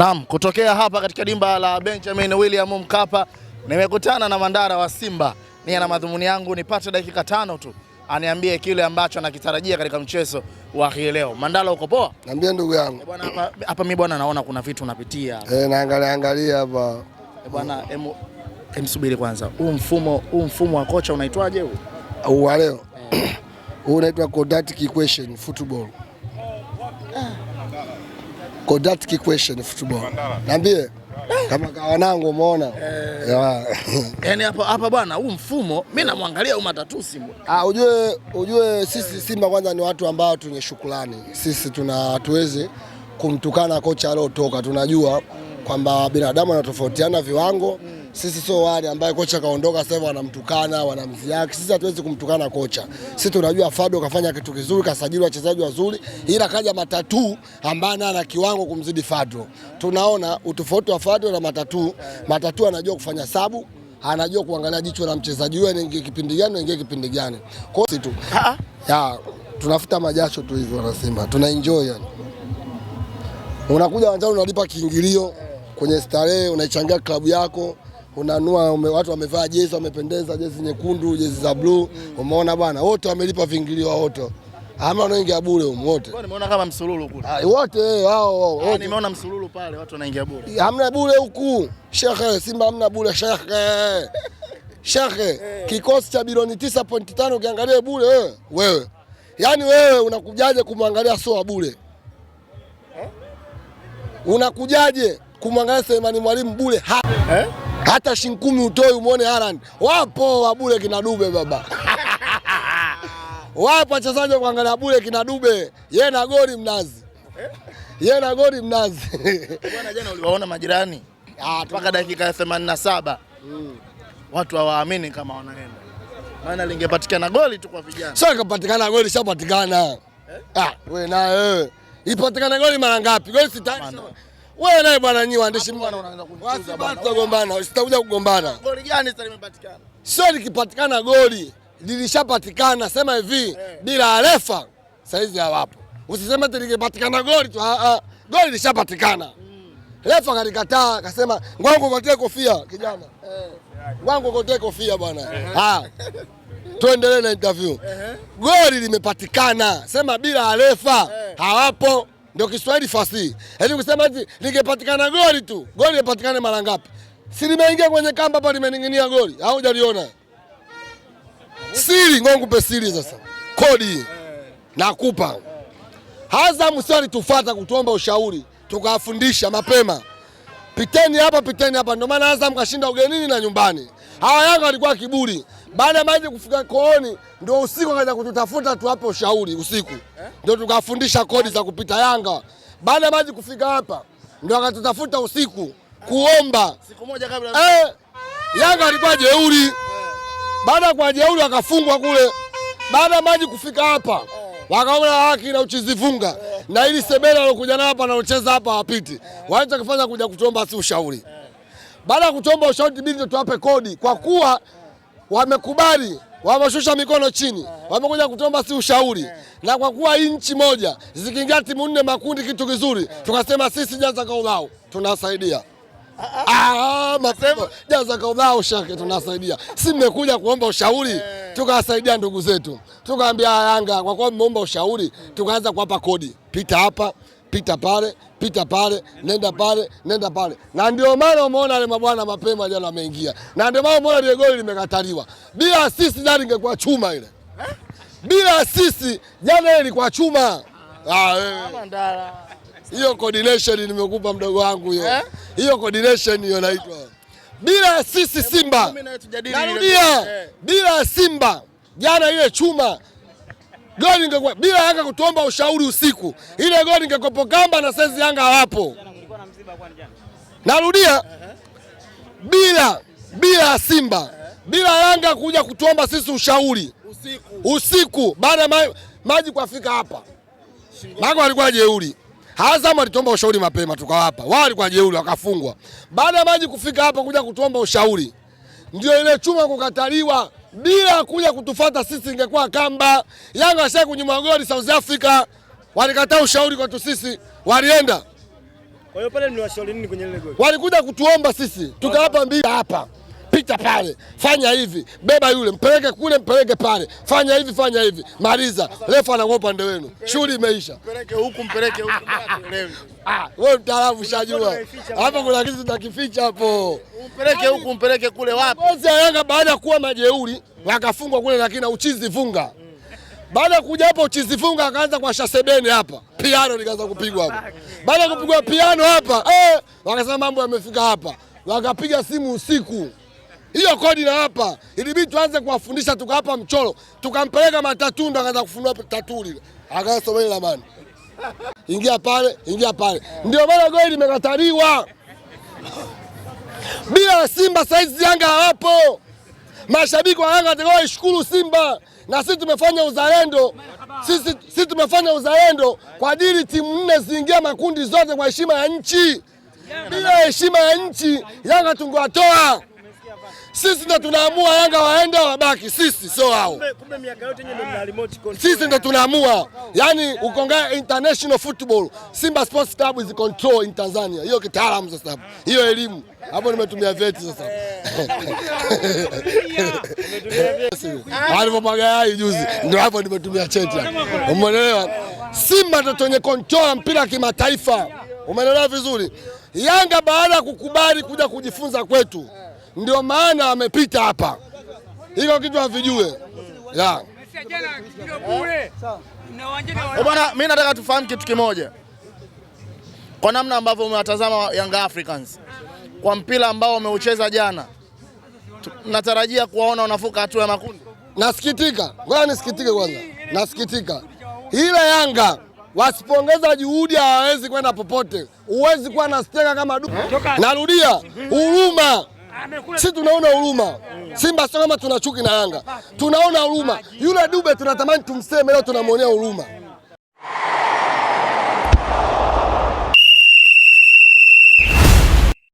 Naam, kutokea hapa katika dimba la Benjamin William Mkapa nimekutana na Mandara wa Simba. niye na madhumuni yangu nipate dakika tano tu aniambie kile ambacho anakitarajia katika mchezo wa hii leo. Mandala, uko poa? Niambie ndugu yangu. Eh, bwana hapa hapa mimi bwana naona kuna vitu unapitia. Eh, naangalia angalia hapa. Eh, bwana em subiri kwanza. Huu mfumo huu mfumo wa kocha unaitwaje huu? Huu leo. Eh. Huu unaitwa quadratic equation football. Kodatki question football. Niambie kama kawanangu umeona. Eh. Yaani hapa hapa bwana, huu mfumo mimi namwangalia huu matatusi. Ah, ujue ujue sisi Simba kwanza ni watu ambao tunye shukrani. Sisi tuna hatuwezi kumtukana kocha aliotoka, tunajua kwamba binadamu anatofautiana viwango mm. Sisi sio wale ambaye kocha kaondoka sasa wanamtukana wanamziaki. Sisi hatuwezi kumtukana kocha. Sisi tunajua Fado kafanya kitu kizuri, kasajili wachezaji wazuri, ila kaja matatu ambaye naye ana kiwango kumzidi Fado. Tunaona utofauti wa Fado na matatu. Matatu anajua kufanya sabu, anajua kuangalia jicho la mchezaji yule anaingia kipindi gani, anaingia kipindi gani. Kwa hiyo tu ya tunafuta majasho tu hivyo, Simba tuna enjoy yani. Unakuja uwanjani unalipa kiingilio kwenye starehe unaichangia klabu yako unanua ume, watu wamevaa jezi wamependeza, jezi nyekundu, jezi za bluu, umeona bwana, wote wamelipa vingilio wote ama wanaingia bure huko wote. nimeona kama msululu kule. wote eh, hao wao. Ah, nimeona msululu pale watu wanaingia bure. Hamna bure huku. Shekhe, Simba hamna bure shekhe. Shekhe, eh. kikosi cha bilioni 9.5 ukiangalia bure eh, wewe. Wewe. yani wewe unakujaje kumwangalia soa bure? Eh? Unakujaje kumwangalia Selemani Mwalimu bure? Eh? hata shilingi kumi utoi umwone Haaland. Wapo wabule kina Dube baba wapo wachezaji wa kuangalia bure kina Dube, ye na goli mnazi, ye na goli mnazi bwana. Jana uliwaona majirani ah, mpaka dakika ya 87 mm. watu hawaamini kama wanaenda, maana lingepatikana goli tu kwa vijana. Sio ikapatikana goli, shapatikana eh? Ah, we na wewe eh. Ipatikana goli mara ngapi? goli sitani wewe naye bwana, nyi waandishi mtagombana, usitakuja kugombana. Goli gani sasa limepatikana? Sio likipatikana goli lilishapatikana, sema hivi eh. bila refa saizi hawapo. Usiseme ati likipatikana goli tu, ah, ah, goli lishapatikana. Hmm. Refa kalikataa akasema, ngwangu kote kofia kijana, eh. ngwangu kote kofia bwana. Ah, tuendelee na interview. Goli limepatikana, sema bila refa hawapo ndio Kiswahili fasihi. Yaani kusema ati lingepatikana goli tu, goli lipatikane mara ngapi? Si limeingia kwenye kamba hapa limening'inia goli, au hujaliona? Siri ngongo pe siri sasa. Kodi nakupa. Azam sio alitufuata kutuomba ushauri, tukawafundisha mapema. Piteni hapa, piteni hapa. Ndio maana Azam kashinda ugenini na nyumbani. Hawa Yanga walikuwa kiburi. Baada ya maji kufika kooni, ndio usiku akaja kututafuta tuwape ushauri usiku, ndio tukafundisha kodi za kupita Yanga. Baada ya maji kufika hapa, ndio akatutafuta usiku kuomba siku moja kabla eh, Yanga alikuwa jeuri. Baada ya kuwa jeuri akafungwa kule. Baada ya maji kufika hapa wakaona haki na uchizivunga na ili sebela alokuja na hapa anaocheza hapa wapiti, wanachokifanya kuja kutuomba si ushauri. Baada ya kutuomba ushauri, bidi tuwape kodi kwa kuwa wamekubali wameshusha mikono chini, wamekuja kutomba si ushauri. Na kwa kuwa nchi moja zikiingia timu nne makundi, kitu kizuri, tukasema sisi jaza kaulau tunasaidia ah, ah. Ah, jaza kaulau shake, tunasaidia si mmekuja kuomba ushauri, eh. tukawasaidia ndugu zetu, tukaambia Yanga kwa kuwa mmeomba ushauri, tukaanza kuwapa kodi, pita hapa pita pale, pita pale, nenda pale, nenda pale. Na ndio maana umeona wale mabwana mapema jana ameingia, na ndio maana umeona ile goli limekataliwa. Bila sisi jana ingekuwa chuma ile, bila sisi jana ile ilikuwa chuma. Ah, eh. hiyo coordination nimekupa mdogo wangu hiyo eh? Hiyo coordination hiyo naitwa bila sisi Simba, narudia eh. bila Simba jana ile chuma goli ingekuwa bila Yanga kutuomba ushauri usiku, ile goli ingekuwa kamba na saizi Yanga hawapo. Narudia, bila bila Simba bila Yanga kuja kutuomba sisi ushauri usiku, usiku baada ya maji kuafika hapa. Mago alikuwa jeuri, Azamu alituomba ushauri mapema tukawapa, wao walikuwa jeuri wakafungwa. Baada ya maji kufika hapa kuja kutuomba ushauri, ndio ile chuma kukataliwa bila kuja kutufata sisi, ingekuwa kamba Yanga washa kunyuma goli South Africa, walikataa ushauri kwetu sisi, walienda. Kwa hiyo pale ni washauri nini kwenye ile goli? Walikuja kutuomba sisi, tukawapa mbili hapa pita pale, fanya hivi, beba yule, mpeleke kule, mpeleke pale, fanya hivi, fanya hivi, maliza. Refa anakuwa upande wenu, shughuli imeisha. Mpeleke huku, mpeleke huku, ah, wewe mtaalamu, ushajua hapo, kuna kitu takificha hapo mpeleke huku mpeleke kule, wapi? Kozi ya Yanga baada ya kuwa majeuri wakafungwa kule, lakini uchizi funga. baada ya kuja hapa uchizi funga akaanza kwa shasebeni hapa piano nikaanza kupigwa hapa. Baada ya kupigwa piano hapa eh, wakasema mambo yamefika hapa, wakapiga simu usiku. Hiyo kodi na hapa ilibidi tuanze kuwafundisha, tukawapa mchoro, tukampeleka Matatunda akaanza kufunua tatu lile, akaanza someni la mani, ingia pale, ingia pale, ndio maana goli limekataliwa. Bila Simba saizi Yanga hawapo. Mashabiki wa Yanga watakao waishukuru Simba, na sisi tumefanya uzalendo, sisi, sisi tumefanya uzalendo kwa ajili timu nne ziingia makundi zote kwa heshima ya nchi. Bila heshima ya nchi Yanga tungewatoa. Sisi ndo tunaamua Yanga waende wabaki, sisi sio hao. Sisi ndo tunaamua, yani ukonga international football, Simba Sports Club is control in Tanzania. Hiyo kitaalamu sasa, hapo hiyo elimu hapo, nimetumia veti sasa alivyomwaga juzi, eh. ndio hapo nimetumia cheti, umeelewa? Simba ndo tenye control mpira kimataifa, umeelewa vizuri. Yanga baada ya kukubali kuja kujifunza kwetu ndio maana amepita hapa, hilo kitu havijue eh, Bwana, mimi nataka tufahamu kitu kimoja, kwa namna ambavyo umewatazama Young Africans kwa mpira ambao umeucheza jana, natarajia kuwaona wanavuka hatua ya makundi. Nasikitika, ngoja nisikitike kwanza, nasikitika ila Yanga wasipongeza juhudi, hawawezi kwenda popote. Huwezi kuwa na stenga kama du. Narudia, huruma si tunaona huruma Simba, sio kama tuna chuki na Yanga, tunaona huruma. Yule Dube tunatamani tumseme, leo tunamwonea huruma.